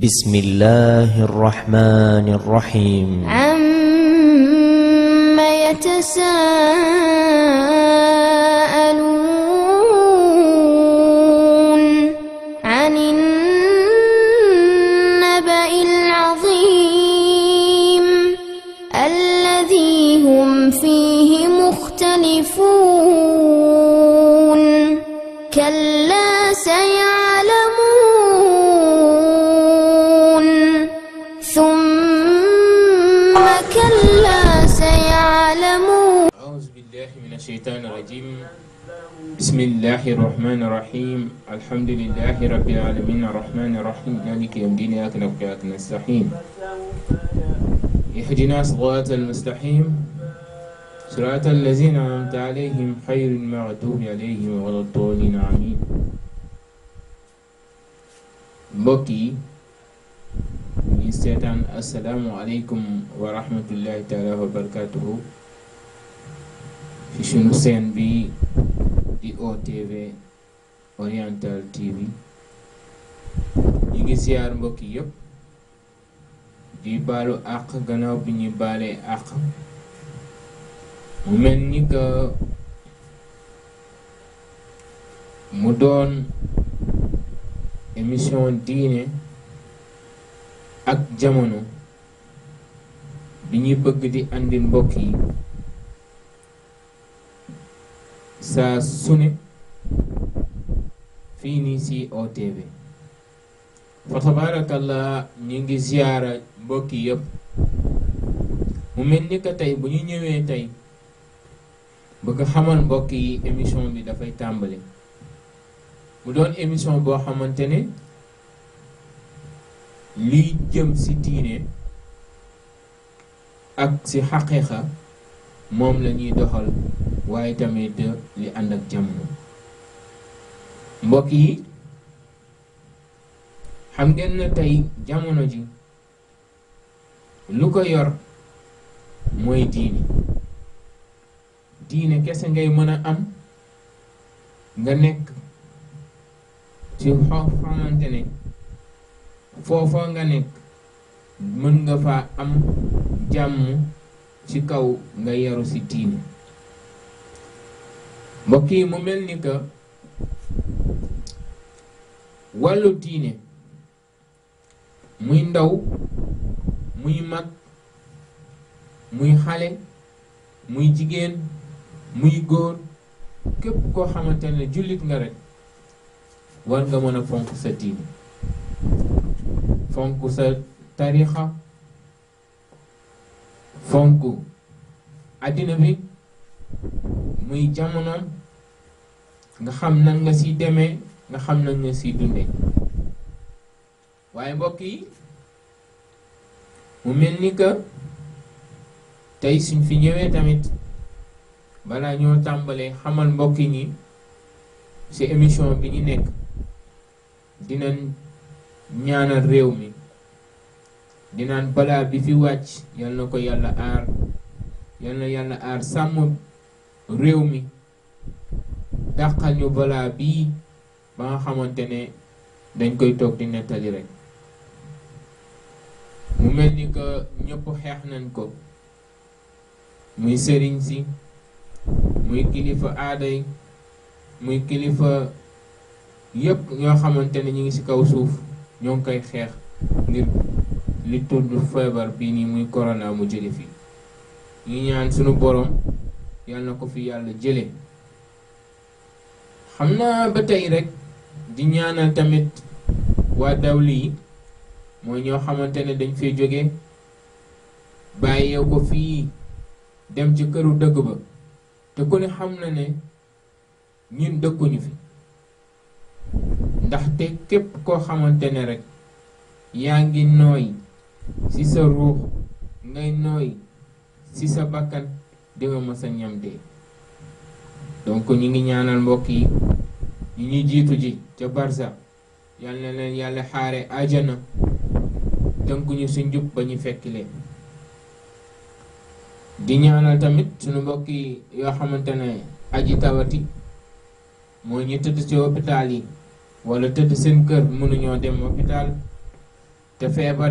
بسم الله الرحمن الرحيم عم يتساءلون عن النبأ العظيم الذي هم فيه مختلفون بالله من الشيطان الرجيم بسم الله الرحمن الرحيم الحمد لله رب العالمين الرحمن الرحيم مالك يوم الدين إياك نعبد وإياك نستعين اهدنا صراط المستحيم صراط الذين أنعمت عليهم خير المغضوب عليهم ولا الضالين آمين بكي السلام عليكم ورحمة الله تعالى وبركاته ci suñu seen bi di OTV Oriental TV ñu ngi siyaar mbokki yépp di baalu àq gannaaw bi ñuy baalee àq mu mel ni ka mu doon émission diine ak jamono bi ñuy bëgg di àndil mbokk yi saa su ne fii nii si OTV fa tabarakallah ñu ngi ziyaara mbokki yëpp mu mel ni ko tey bu ñu ñëwee tey bëgg xamal mbokk yi émission bi dafay tàmbali mu doon émission boo xamante ne lii jëm ci diine ak ci xaqiiqa moom la ñuy doxal waaye tamit li ànd ak jamono mbokk yi xam ngeen tey jamono ji lu ko yor mooy diine diine kese ngay mën a am nga nekk ci xaw xamante ne foofa nga nekk mën nga fa am jàmm ci kaw nga yaru ci diine mbokk yi mu mel ni que wàllu diine muy ndaw muy mag muy xale muy jigéen muy góor képp koo xamante ne jullit nga rek war nga mën fonk sa diine fonk sa tarixa fonk àddina bi muy jamonoom nga xam nan nga siy demee nga xam nan nga si dundee waaye mbokk yi mu mel ni que tey suñ fi ñëwee tamit balaa ñoo tàmbalee xamal mbokk ñi nii ci émission bi ñu nekk dina ñaanal réew mi dinaan balaa bi fi wàcc yal na ko yàlla aar yal na yàlla aar sàmm réew mi dàqal ñu balaa bii ba nga xamante ne dañ koy toog di nettali rek mu mel ni ko ñépp xeex nañ ko muy sëriñ si muy kilifa aaday muy kilifa yépp ñoo xamante ne ñu ngi ci kaw suuf ñoo ngi koy xeex ngir li tudd feebar bii nii muy corona mu jële fi ñu ñaan sunu borom yàlla na ko fi yàlla jële xam naa ba tey rekk di ñaanal tamit waa dawli yi mooy ñoo xamante ne dañ fee jóge bàyyee ko fii dem ci këru dëgg ba te ku ne xam na ne ñun dëkkuñu fi ndax te képp koo xamante ne rekk yaa ngi nooy ci sa ruux ngay nooy ci sa bakkan di nga ñam dee donc ñu ngi ñaanal mbokk yi ñu ñuy jiitu ji ca barza yal na leen yàlla xaare ajana tënkuñu si njub ba ñu fekk leen di ñaanal tamit suñu mbokk yi yoo xamante ne aji tawati mooy ñu tëdd ci hôpital yi wala tëdd seen kër mënuñoo dem hôpital te feebar